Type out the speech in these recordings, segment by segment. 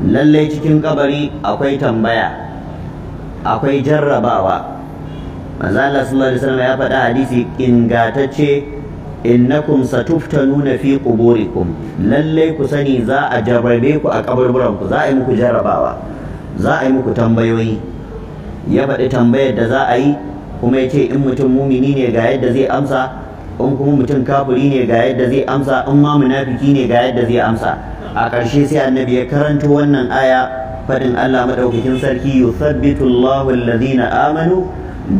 lallai cikin kabari akwai tambaya akwai jarrabawa manzo su sallallahu alaihi ya faɗa hadisi ingatacce innakum satuftanuna fi quburikum lallai ku sani za a jarrabe ku a kaburburan ku za a yi muku jarrabawa za a yi muku tambayoyi ya faɗi tambayar da za a yi kuma ya ce in mutum mumini ne ga yadda zai amsa in kuma mutum kafiri ne ga yadda zai amsa in ma munafiki ne ga yadda zai amsa a ƙarshe sai annabi ya karanto wannan aya fadin Allah madaukakin sarki yuthabbitu Allahu alladhina amanu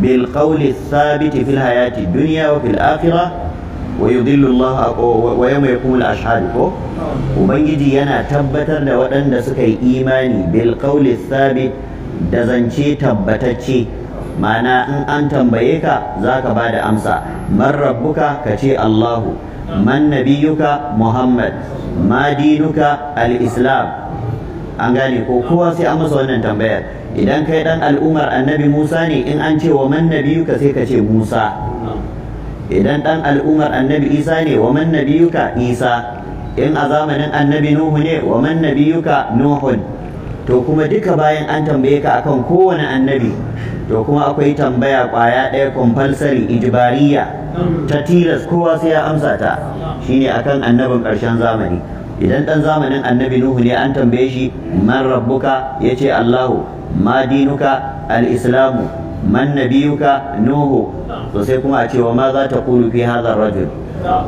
bil qawli thabit fil hayati dunya wa fil akhirah wa yudhillu Allah wa yawma ko ubangiji yana tabbatar da waɗanda suka yi imani bil qawli thabit da zance tabbatacce ma'ana in an tambaye ka zaka bada amsa man rabbuka kace Allahu man nabiyuka muhammad ma dinuka al-islam an gane ko kowa sai an masa wannan tambayar idan kai dan al'umar annabi musa ne in an ce wa man nabiyuka sai ka ce musa idan dan al'umar annabi isa ne wa man nabiyuka isa in a zamanin annabi nuhu ne wa man nabiyuka nuhun to kuma duka bayan an tambaye ka akan kowane annabi to kuma akwai tambaya kwaya ɗaya compulsory ijibariya ta tilas kowa sai ya amsa ta shine akan annabin ƙarshen zamani idan ɗan zamanin annabi nuhu ne an tambaye shi man rabbuka ya ce allahu ma dinuka al-islamu man nabiyuka nuhu to sai kuma a cewa ma za ta kulu fi hadha rajul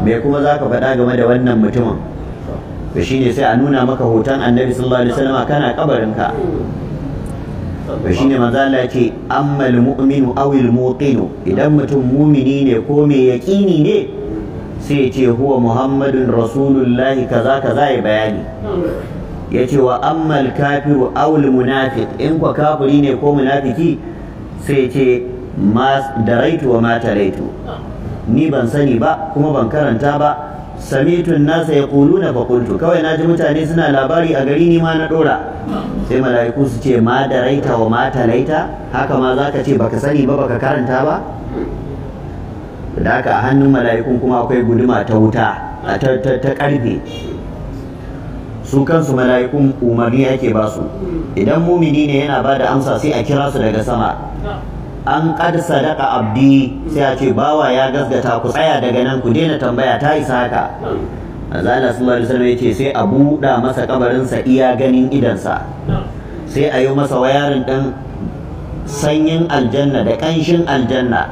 me kuma za ka faɗa game da wannan mutumin to shine sai a nuna maka hoton annabi sallallahu alaihi wasallam kana kabarinka to shine manzo Allah ce ammal mu'minu aw al muqinu idan mutum mumini ne ko mai yaqini ne sai ce huwa muhammadun rasulullahi kaza kaza ya bayani yace wa ammal kafiru aw al munafiq in kwa kafiri ne ko munafiki sai ce ma daraitu wa ma taraitu ni ban sani ba kuma ban karanta ba samitun nasa Kulu na fakultu, kawai na ji mutane suna labari a gari ni ma na dora sai mala'iku su ce ma da raita wa mata laita haka ma za ka ce baka sani ba baka karanta ba da haka a hannun mala'ikun kuma akwai guduma ta wuta ta karfe su kansu mala'ikun umarni ake ba su idan mumini ne yana ba da amsa sai a kira su daga sama an qad sadaka abdi sai a ce bawa ya gasgata ku tsaya daga nan ku daina tambaya ta isa haka azala sallallahu alaihi wasallam yace sai a buɗa masa kabarin sa iya ganin idansa sai a yi masa wayarin dan sanyin aljanna da kanshin aljanna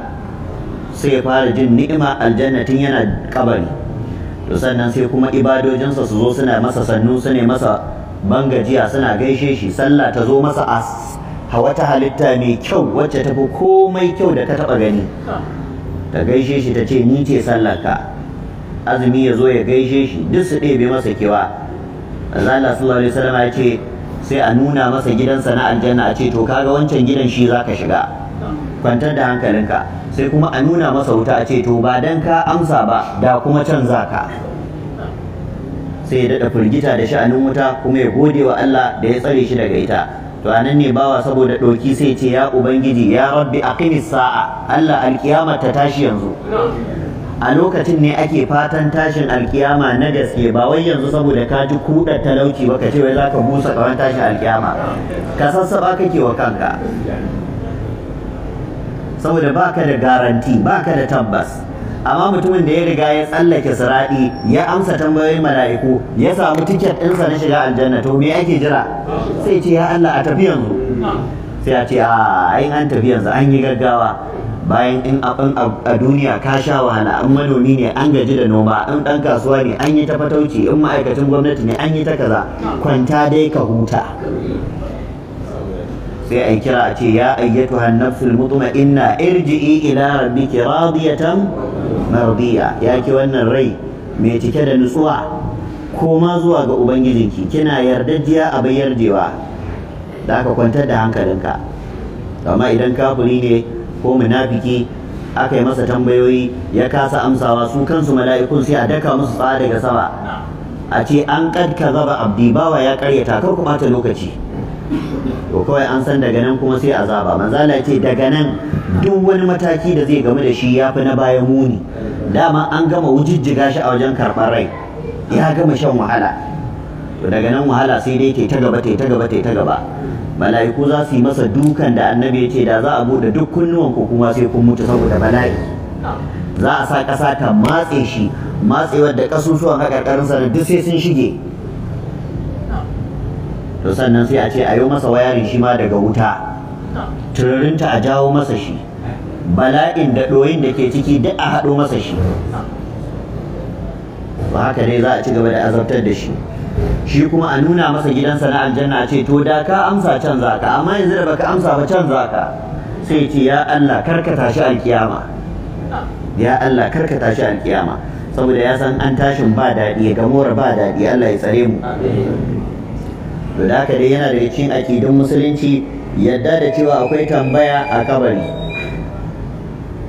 sai ya fara jin ni'ima aljanna tun yana kabari to sannan sai kuma ibadojinsa su zo suna masa sannu su ne masa bangajiya suna gaishe shi sallah ta zo masa a wata halitta mai kyau wacce ta fi komai kyau da ka taɓa gani ta gaishe shi ta ce ni ce sallaka azumi ya zo ya gaishe shi duk su ɗebe masa kewa Allah sallallahu alaihi wasallam ya ce sai a nuna masa gidansa na aljanna a ce to kaga wancan gidan shi zaka shiga kwantar da hankalinka sai kuma a nuna masa wuta a ce to ba dan ka amsa ba da kuma can ka. sai ya daɗa firgita da sha'anin wuta kuma ya gode wa Allah da ya tsare shi daga ita to anan ne bawa saboda ɗoki sai ce ya ubangiji ya rabbi aqimi sa'a Allah alkiyama ta tashi yanzu a lokacin ne ake fatan tashin alkiyama na gaske ba wai yanzu saboda ka ji kudar talauci ba ka ce wai zaka busa kawai tashin alkiyama ka sassaba kake wa kanka saboda baka da garanti baka da tabbas amma mutumin da ya riga ya tsallake siradi ya amsa tambayoyin mala'iku ya samu tiket ɗinsa na shiga aljanna to me ake jira sai ce ya Allah a tafi yanzu sai ya ce a ai an tafi yanzu an yi gaggawa bayan in a duniya ka sha wahala an manomi ne an gaji da noma in ɗan kasuwa ne an yi ta fatauci in ma'aikacin gwamnati ne an yi ta kaza kwanta dai ka huta sai a kira a ce ya ayyatu hannafsul mutma'inna irji'i ila rabbiki radiyatan mardiya ya ke wannan rai mai cike da nutsuwa ko ma zuwa ga ubangijinki kina yardajiya a bayyarjewa da aka kwantar da hankalinka amma idan kafuri ne ko munafiki aka yi masa tambayoyi ya kasa amsawa su kansu mala'ikun sai a daka musu tsawa daga sama a ce an kadka zaba abdi bawa ya karyata kar ku bata lokaci to kawai an san daga nan kuma sai azaba manzo Allah ce daga nan duk wani mataki da zai gamu da shi ya fi na bayan muni dama an gama wujijjiga shi a wajen karɓar rai ya gama shan wahala to daga nan wahala sai dai ta gaba ta gaba ta gaba mala'iku za su yi masa dukan da annabi ya ce da za a buɗe duk kunnuwan ku kuma sai kun mutu saboda bala'i za a sa ƙasa ta matse shi matsewar da ƙasusuwan haƙarƙarin da duk sai sun shige to sannan sai a ce a yi masa wayarin shi ma daga wuta tururinta a jawo masa shi bala'in da ɗoyin da ke ciki duk a haɗo masa shi ba haka dai za a ci gaba da azabtar da shi shi kuma a nuna masa gidansa na aljanna ce to da ka amsa can za ka amma yanzu da baka amsa ba can za ka sai ce ya Allah karkata shi alkiyama ya Allah karkata tashi alkiyama saboda ya san an tashin ba daɗi ga mora ba daɗi Allah ya tsare mu to da haka dai yana daga cikin akidun musulunci yadda da cewa akwai tambaya a kabari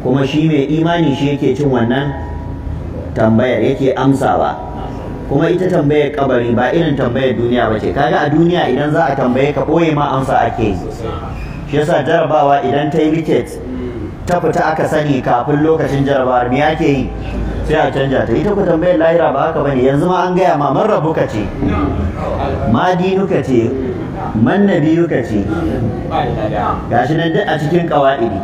kuma shi mai imani shi yake cin wannan tambayar yake amsawa kuma ita tambayar kabari ba irin tambayar duniya ba ce kaga a duniya idan za a tambaye ka boye ma amsa ake yi shi yasa jarabawa idan ta yi riket ta fita aka sani kafin lokacin jarabawar me ake yi sai a canja ta ita ku tambayar lahira ba haka bane yanzu ma an gaya ma man ka ce Madinuka ce man ce gashi nan duk a cikin kawa'idi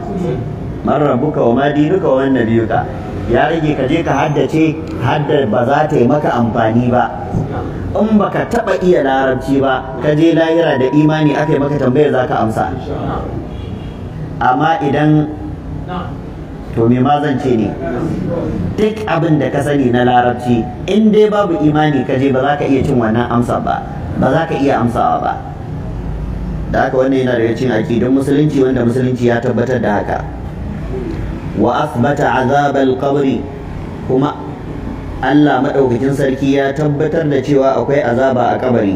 man wa Madinuka wa nabiyuka ya rage ka je ka haddace haddar ba za ta yi maka amfani ba in ba ka taɓa iya larabci ba ka je lahira da imani aka yi maka tambayar za ka amsa amma idan to me ma zan ce ne duk abin da ka sani na larabci in dai babu imani ka je ba za ka iya cin wannan amsa ba ba za ka iya amsawa ba da haka wannan yana daga cin don musulunci wanda musulunci ya tabbatar da haka wa asbata azabal qabri kuma Allah madaukakin sarki ya tabbatar da cewa akwai azaba a kabari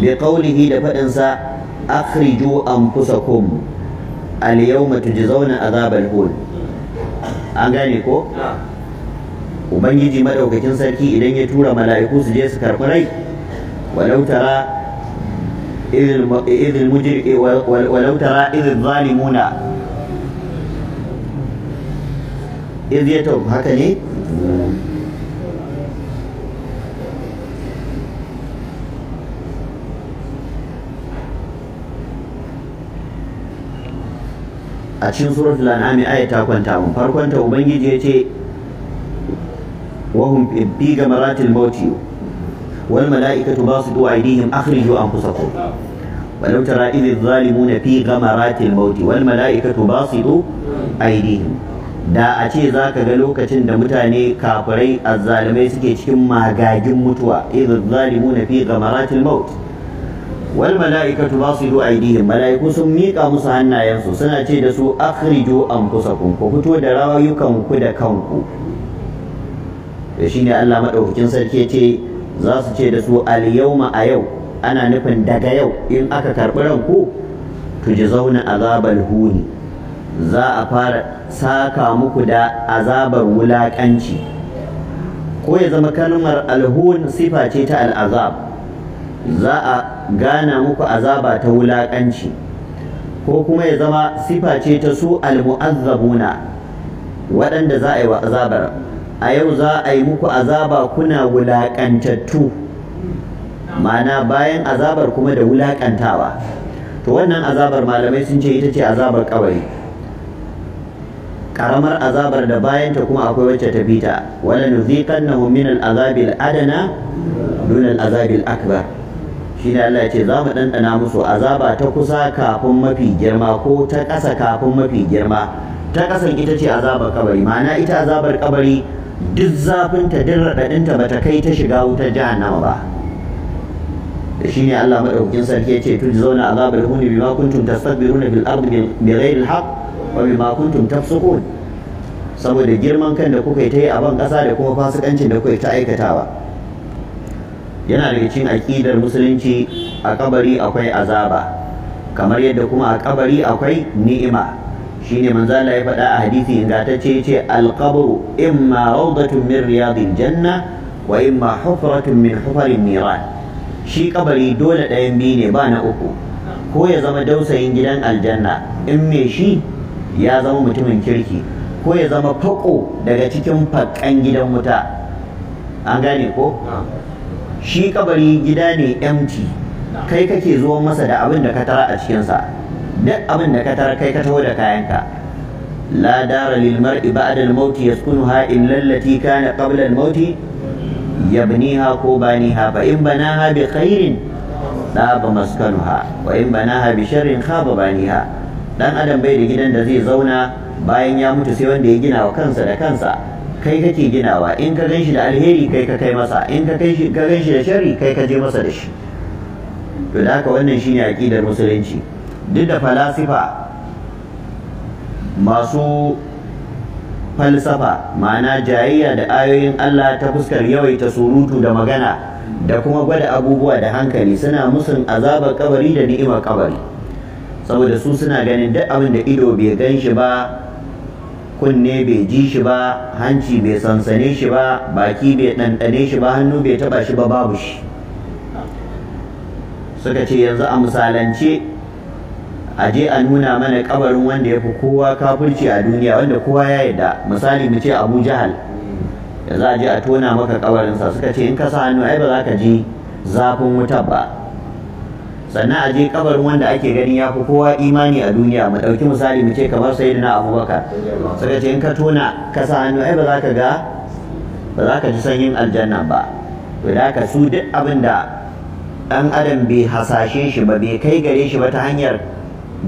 bi qaulihi da fadin sa akhriju anfusakum al yawma tujzauna azabal hul an gane ko ubangiji madaukakin sarki idan ya tura mala'iku su je su karɓi rai walau tara idil mujri walau tara idil zalimuna iz haka ne a cikin suratul an'am ayat ta kwanta mun farkon ta ubangiji ce wa hum bi gamaratil mauti wal malaikatu basitu aydihim akhriju anfusakum ولو ترى إذ الظالمون في غمرات الموت والملائكة باسطوا أيديهم da a ce za ka ga lokacin da mutane kafirai azzalumai suke cikin magagin mutuwa idh zalimuna fi ghamaratil maut wal mala'ikatu basidu aydihim mala'iku sun mika musu hannayensu suna ce da su akhriju anfusakum ku fito da rayukan ku da kanku to shine Allah madaukakin sarki yace za su ce da su al yawma a yau ana nufin daga yau in aka karbi ranku jazawna azabal huni za a fara saka muku da azabar wulakanci ko ya zama kalmar alhun sifa ce ta al'azab za a gana muku azaba ta wulaƙanci ko kuma ya zama sifa ce ta su almu'azzabuna waɗanda za a yi wa azabar a yau za a yi muku azaba kuna wulaƙantattu ma'ana bayan azabar kuma da wulaƙantawa to wannan azabar malamai sun ce ita ce azabar kawai karamar azabar da bayanta kuma akwai wacce ta bita wala nuziqannahum min al-azabil adana dun al-azabil akbar shine Allah ya ce za mu ɗanɗana musu azaba ta kusa kafin mafi girma ko ta ƙasa kafin mafi girma ta ƙasan ita ce azabar kabari ma'ana ita azabar kabari duk zafinta duk raɗaɗinta ba ta kai ta shiga wutar jahannama ba da shi ne Allah maɗaukakin sarki ya ce zauna azabar huni bima kuntum tastakbiruna fil ardi bighairi alhaq wa bima kuntum tafsukun saboda girman kan da kuka yi ta yi a ban ƙasa da kuma fasikancin da kuka yi ta aikatawa yana daga cikin aƙidar musulunci a kabari akwai azaba kamar yadda kuma a kabari akwai ni'ima shine manzo Allah ya faɗa a hadisi ingantacce yace al-qabru imma rawdatun min riyadil janna wa imma hufratun min hufarin niran shi kabari dole ɗayan biyu ne ba na uku ko ya zama dausayin gidan aljanna in me shi ya zama mutumin kirki ko ya zama fako daga cikin fakan gidan wuta an gane ko shi kabari gida ne empty kai kake zuwa masa da abin da ka tara a cikinsa duk abin da ka tara kai ka taho da kayanka la dara lil mar'i ba'da al maut yaskunuha illa allati kana qabla al yabniha ko baniha fa in banaha bi khairin daba maskanuha wa in banaha bi sharrin khaba baniha dan adam bai da gidan da zai zauna bayan ya mutu sai wanda ya gina wa kansa da kansa kai kake ginawa in ka gan shi da alheri kai ka kai masa in ka kai shi ka gan shi da shari kai ka je masa da shi to da haka wannan shine aqidar musulunci duk da falasifa masu falsafa ma'ana jayayya da ayoyin Allah ta fuskar yawaita surutu da magana da kuma gwada abubuwa da hankali suna musun azabar kabari da ni'imar kabari saboda su suna ganin duk abin da ido bai gan shi ba kunne bai ji shi ba hanci bai sansane shi ba baki bai ɗanɗane shi ba hannu bai taba shi ba babu shi suka ce yanzu a misalance a je a nuna mana kabarin wanda ya fi kowa kafirci a duniya wanda kowa ya yarda misali mu ce abu jahal yanzu a je a tona maka kabarinsa suka ce in ka sa hannu ai ba za ka ji zafin wuta ba sannan a je kabarin wanda ake ganin ya fi kowa imani a duniya mu ɗauki misali mu ce kamar na abubakar suka ce in ka tona ka sa hannu ai ba za ka ga ba za ka ji sanyin aljanna ba to da ka su duk abin da ɗan adam bai hasashe shi ba bai kai gare shi ba ta hanyar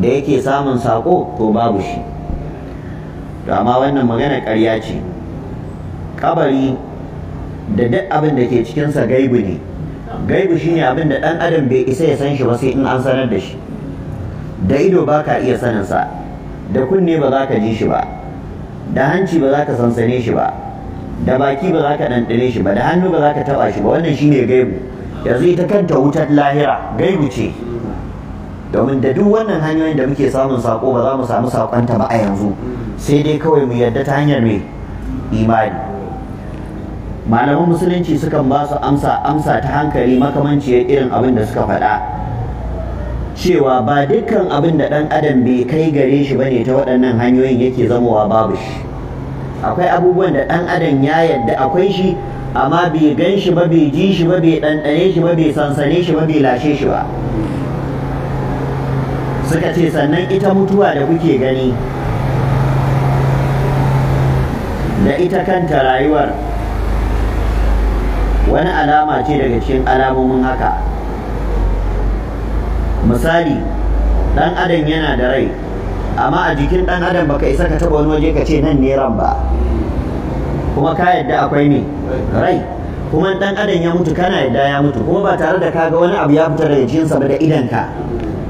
da yake samun sako to babu shi to amma wannan magana ƙarya ce kabari da duk abin da ke cikinsa gaibu ne gaibu shine abin da dan adam bai isa ya san shi ba sai in an sanar da shi da ido ba ka iya sanin sa da kunne ba za ka ji shi ba da hanci ba za ka sansane shi ba da baki ba za ka ɗanɗane shi ba da hannu ba za ka taɓa shi ba wannan shine gaibu yanzu ita kanta wutar lahira gaibu ce domin da duk wannan hanyoyin da muke samun sako ba za mu samu sakonta ba a yanzu sai dai kawai mu yarda ta hanyar mai imani malaman musulunci sukan ba su amsa amsa ta hankali makamanciyar irin abin da suka faɗa cewa ba dukkan abin da ɗan adam bai kai gare shi bane ta waɗannan hanyoyin yake zamowa babu shi akwai abubuwan da ɗan adam ya yadda akwai shi amma bai gan shi ba bai ji shi ba bai ɗanɗane shi ba bai sansane shi ba bai lashe shi ba suka ce sannan ita mutuwa da kuke gani da ita kanta rayuwar wani alama ce daga cikin alamomin haka misali ɗan adam yana da rai amma a jikin ɗan adam baka isa ka taba wani waje ka ce nan ne ran ba kuma ka yadda akwai ne rai kuma ɗan adam ya mutu kana yadda ya mutu kuma ba tare da kaga wani abu ya fita daga jikinsa ba da idanka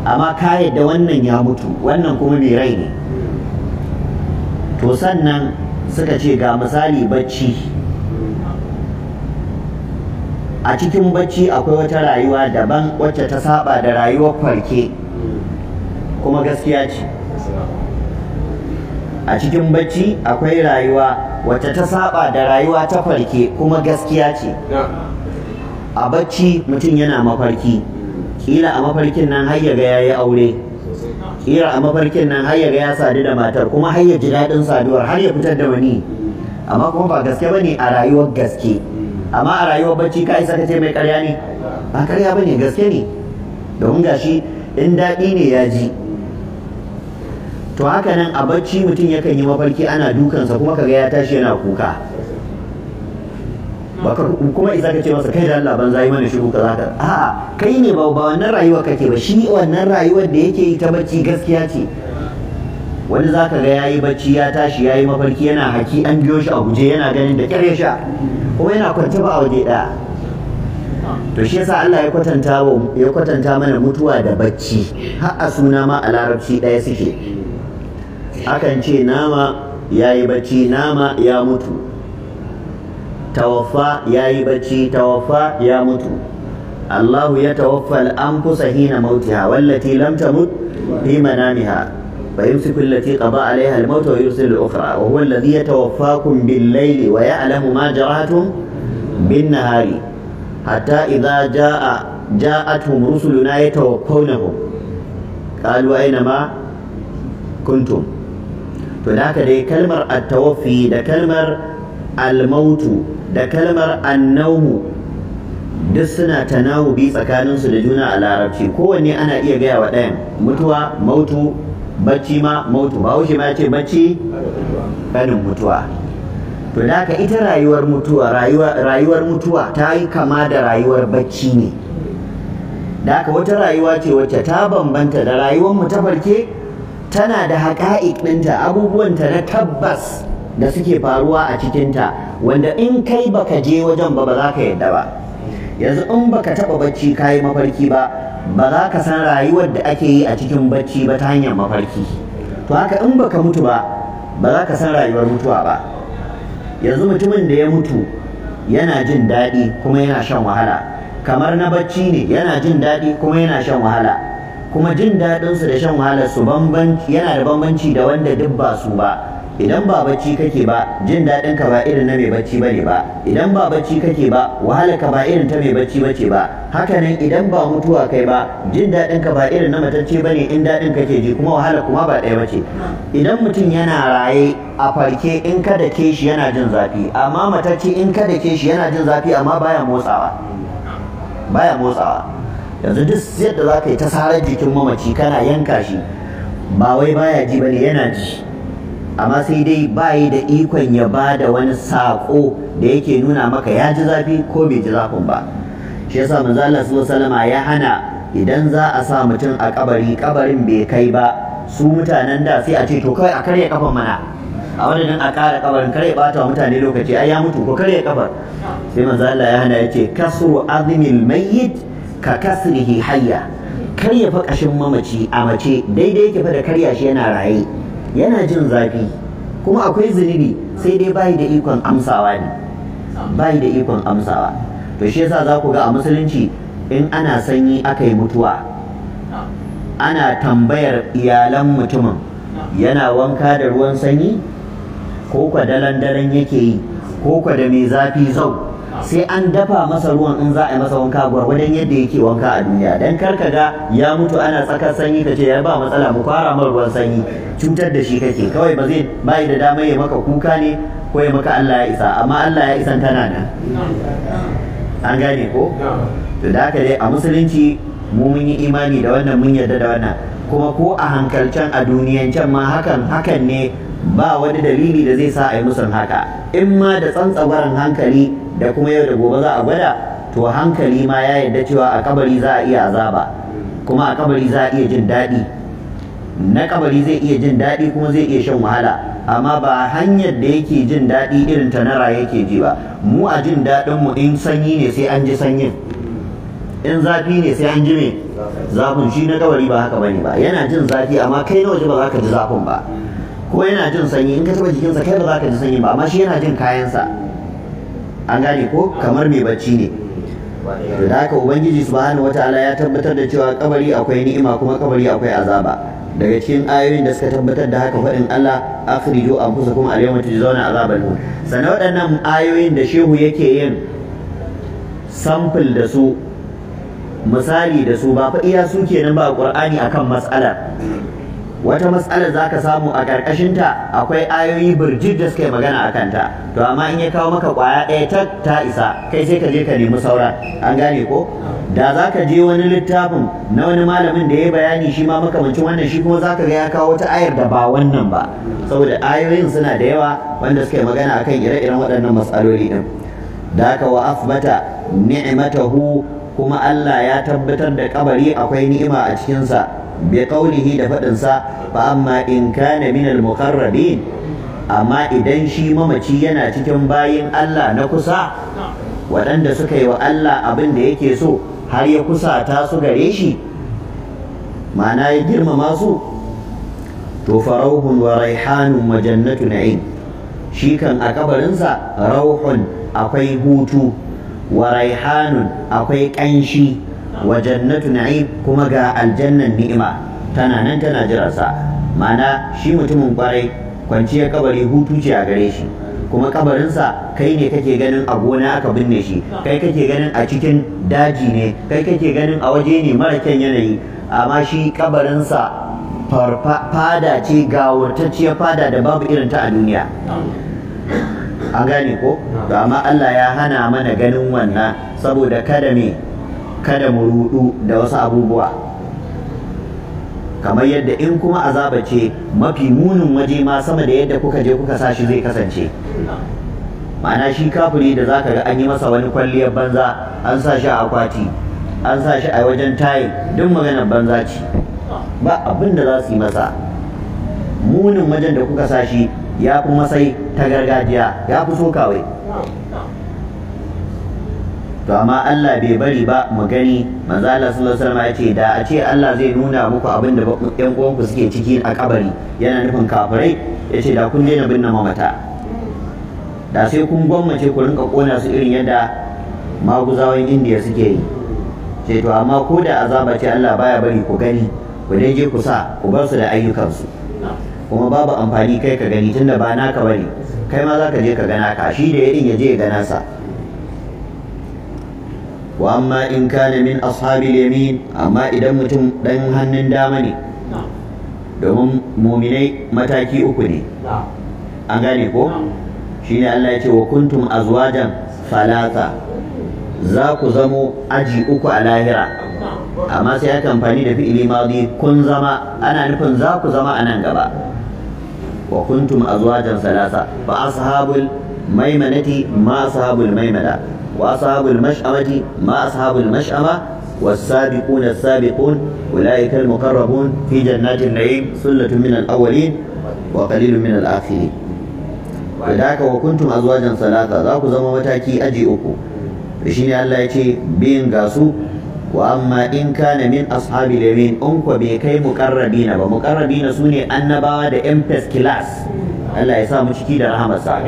amma ka yadda wannan ya mutu wannan kuma mai rai ne to sannan suka ce ga misali bacci a cikin bacci akwai wata rayuwa daban wacce ta saba da rayuwar farke kuma gaskiya ce a cikin bacci akwai rayuwa wacce ta saba da rayuwa ta farke kuma gaskiya ce a bacci mutum yana mafarki kila a mafarkin nan har yaga yayi aure kila a mafarkin nan har yaga ya sadu da matar kuma har ya ji saduwar har ya fitar da wani amma kuma ba gaske bane a rayuwar gaske amma a rayuwar bacci ka isa ka ce mai karya ne ba karya bane gaske ne domin gashi in daɗi ne ya ji to haka nan a bacci mutum yakan yi mafarki ana dukansa kuma kaga ya tashi yana kuka baka kuma isa ka ce masa kai da Allah ban zai mana shiru kaza ka a'a kai ne ba ba wannan rayuwar kake ba shi wannan rayuwar da yake yi ta bacci gaskiya ce wani zaka ga yayi bacci ya tashi yayi mafarki yana haki an biyo shi a guje yana ganin da kyar ya sha kuma yana kwance ba waje ɗaya to shi yasa Allah ya kwatanta ya kwatanta mana mutuwa da bacci har a suna ma a larabci ɗaya suke akan ce nama ya yi bacci nama ya mutu tawaffa ya yi bacci tawaffa ya mutu Allahu ya tawaffa al'anfusa hina mautiha wallati lam tamut fi manamiha فيمسك التي قضى عليها الموت ويرسل الأخرى وهو الذي يتوفاكم بالليل ويعلم ما جراتم بالنهار حتى إذا جاء جاءتهم رسلنا يتوفونهم قالوا أينما كنتم فذاك دي كلمة التوفي ده كلمة الموت ده كلمة النوم duk suna tanawubi tsakaninsu da juna a larabci kowanne ana iya gaya wa ɗayan mutuwa mautu bacci ma mautu ba ma ce bacci ɗanin mutuwa to da ita rayuwar mutuwa rayuwar mutuwa ta yi kama da rayuwar bacci ne da wata rayuwa ce wacce ta bambanta da rayuwar mu ta farke tana da haƙa'iƙ ɗinta abubuwanta na tabbas da suke faruwa a cikinta wanda in kai baka je wajen ba ba za ka yadda ba yanzu in baka taɓa bacci kayi mafarki ba ba za ka san rayuwar da ake yi a cikin bacci ba ta hanyar mafarki to haka in baka mutu ba ba za ka san rayuwar mutuwa ba yanzu mutumin da ya mutu yana jin daɗi kuma yana shan wahala kamar na bacci ne yana jin daɗi kuma yana shan wahala kuma jin daɗinsu da shan wahalar su yana da bambanci da wanda duk ba su ba idan ba bacci kake ba jin daɗin ka ba irin na mai bacci bane ba idan ba bacci kake ba wahalar ka ba irin ta mai bacci bace ba hakanan idan ba mutuwa kai ba jin daɗin ka ba irin na matacce bane in daɗin kake ji kuma wahala kuma ba ɗaya bace idan mutum yana raye a farke in ka dake shi yana jin zafi amma matacce in ka dake shi yana jin zafi amma baya motsawa baya motsawa yanzu duk yadda za ka yi ta sarar jikin mamaci kana yanka shi ba wai baya ji bane yana ji amma sai dai bayi da ikon ya ba da wani sako da yake nuna maka ya ji zafi ko bai ji zafin ba shi yasa manzo Allah sallallahu ya hana idan za a sa mutum a kabari kabarin bai kai ba su mutanen da sai a ce to kai a karya kafan mana a wadannan a kara kabarin kare bata wa mutane lokaci ai ya mutu ko karya kafar sai manzo Allah ya hana yace kasru azmil mayyit ka kasrihi hayya karya fa kashin mamaci a mace daidai yake fa da karya shi yana raye yana jin zafi kuma akwai zunubi sai dai bayi da ikon amsawa ne bayi da ikon amsawa to shi yasa za ku ga a musulunci in ana sanyi aka yi mutuwa ana tambayar iyalan mutumin yana wanka da ruwan sanyi ko kwa dalan yake yi ko kwa da mai zafi zau sai an dafa masa ruwan in za a yi masa wanka gwargwadon yadda yake wanka a duniya dan kar ka ga ya mutu ana tsakar sanyi ka ce ya ba matsala mu fara mar ruwan sanyi cutar da shi kake kawai ba zai bai da dama ya maka kuka ne ko ya maka Allah ya isa amma Allah ya isan tana nan an gane ko to da haka dai a musulunci mu mun yi imani da wannan mun yarda da wannan kuma ko a hankalcen a duniyancen ma hakan hakan ne ba wani dalili da zai sa a yi musun haka in ma da tsantsabarin hankali da kuma yau da gobe za a gwada to hankali ma ya yarda cewa a kabari za a iya azaba kuma a kabari za a iya jin daɗi na kabari zai iya jin daɗi kuma zai iya shan wahala amma ba hanyar da yake jin daɗi irin ta nara yake ji ba mu a jin daɗin mu in sanyi ne sai an ji sanyin in zafi ne sai an ji me zafin shi na kabari ba haka bane ba yana jin zafi amma kai na waje ba za ka ji zafin ba ko yana jin sanyi in ka taba jikinsa kai ba za ka ji sanyi ba amma shi yana jin kayansa an gane ko kamar mai bacci ne da haka ubangiji subhanahu wataala ya tabbatar da cewa kabari akwai ni'ima kuma kabari akwai azaba daga cikin ayoyin da suka tabbatar da haka faɗin Allah akhriju anfusakum al zaune tujzauna azaban nur sanan waɗannan ayoyin da shehu yake yin sample da su misali da su ba fa iya su kenan ba Qur'ani akan matsalar wata matsalar za ka samu a ƙarƙashinta akwai ayoyi birjit da suka magana a kanta to amma in ya kawo maka ƙwaya ɗaya ta ta isa kai sai ka je ka nemi sauran an gane ko da za ka je wani littafin na wani malamin da ya bayani shi ma makamancin wannan shi kuma za ka ga ya kawo wata ayar da ba wannan ba saboda ayoyin suna da yawa wanda suke magana a kan ire-iren waɗannan matsaloli ɗin da ka wa afbata ni'imatahu kuma Allah ya tabbatar da kabari akwai ni'ima a cikinsa bi qawlihi da faɗin sa fa amma in kana min al muqarrabin amma idan shi mamaci yana cikin bayin Allah na kusa waɗanda suka yi wa Allah abin da yake so har ya kusata su gare shi ma'ana ya girmama su to farauhun wa raihanun wa jannatu na'im shi kan a kabarinsa rauhun akwai hutu wa raihanun akwai ƙanshi wa jannatu na'im kuma ga aljannan ni'ima tana nan tana jiransa ma'ana shi mutumin kwarai kwanciyar kabari hutu ce a gare shi kuma kabarinsa kai ne kake ganin a gona aka binne shi kai kake ganin a cikin daji ne kai kake ganin a waje ne mara kyan yanayi amma shi kabarinsa fada ce gawurtacciyar fada da babu irin ta a duniya an gane ko to amma Allah ya hana mana ganin wannan saboda kada me kada mu rudu da wasu abubuwa kamar yadda in kuma azaba ce mafi munin waje ma sama da yadda kuka je kuka sa shi zai kasance ma'ana shi kafiri da za ka ga an yi masa wani kwalliyar banza an sa shi a akwati an sa shi a wajen tayi duk maganar banza ce ba abin da za su yi masa munin wajen da kuka sa shi ya fi masai ta gargajiya ya fi so kawai to amma Allah bai bari ba mu gani manzo Allah sallallahu alaihi wasallam ya ce da a ce Allah zai nuna muku abin da yan uwanku suke ciki a kabari yana nufin kafirai ya ce da kun daina binne mamata da sai kun gwammace ku rinka kona su irin yadda maguzawan indiya suke yi ce to amma ko da azaba ce Allah baya bari ku gani ku dai je ku sa ku bar su da ayyukansu kuma babu amfani kai ka gani tunda ba naka bane kai ma za ka je ka gana ka shi da yadin ya je ya gana sa wa amma in kana min ashabi yamin amma idan mutum dan hannun dama ne domin muminai mataki uku ne an gane ko shine Allah ya ce wa kuntum azwajan falata za ku zamo aji uku a lahira amma sai aka amfani da fi'ili madi kun zama ana nufin za ku zama a nan gaba wa kuntum azwajan salasa fa ashabul maimanati ma ashabul maimada. وأصحاب المشأمة ما أصحاب المشأمة والسابقون السابقون أولئك المقربون في جنات النعيم سلة من الأولين وقليل من الآخرين وذاك وكنتم أزواجا ثلاثة ذاك زما متاكي أجي أكو شيني الله يتي بين غاسو وأما إن كان من أصحاب اليمين أنكو بكي مقربين ومقربين سوني أنبا دا إمبس كلاس Allah ya sa mu ciki da rahamarsa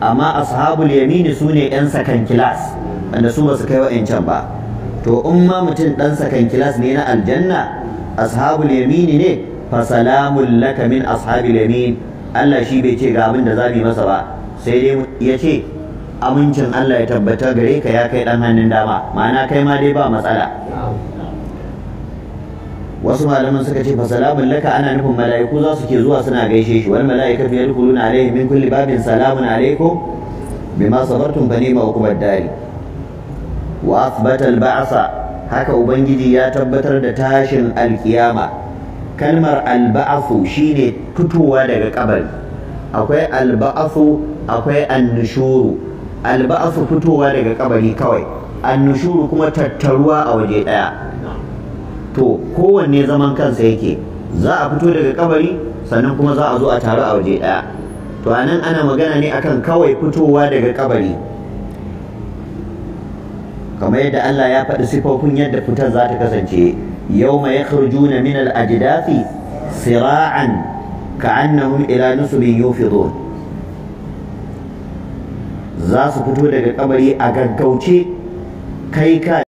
amma ashabul yamini su ne yan sakan kilas wanda su ba su kai wa'ancan ba to in ma mutum ɗan sakan kilas ne na aljanna ashabul yamini ne fa salamun laka min ashabil yamin Allah shi bai ce ga abin da zabi masa ba sai dai ya ce amincin Allah ya tabbata gare ka ya kai dan hannun dama ma'ana kai ma dai ba matsala wasu malaman suka ce fasalamun laka ana nufin mala'iku za su ke zuwa suna gaishe shi wani fiye da kuluna alaihim min kulli babin salamun alaikum bima sabartum fa ni'ma uqbad dari wa athbata al haka ubangiji ya tabbatar da tashin alkiyama kalmar al shine fitowa daga kabari akwai al ba'su akwai an nushuru fitowa daga kabari kawai an kuma tattaruwa a waje daya to kowanne zaman kansa yake za a fito daga kabari sannan kuma za a zo a taru a waje ɗaya to anan ana magana ne akan kawai fitowa daga kabari kamar yadda Allah ya faɗi sifofin yadda fitar za ta kasance yawma yakhrujuna min al-ajdathi sira'an ka'annahum ila nusubin yufidun za su fito daga kabari a gaggauce kai ka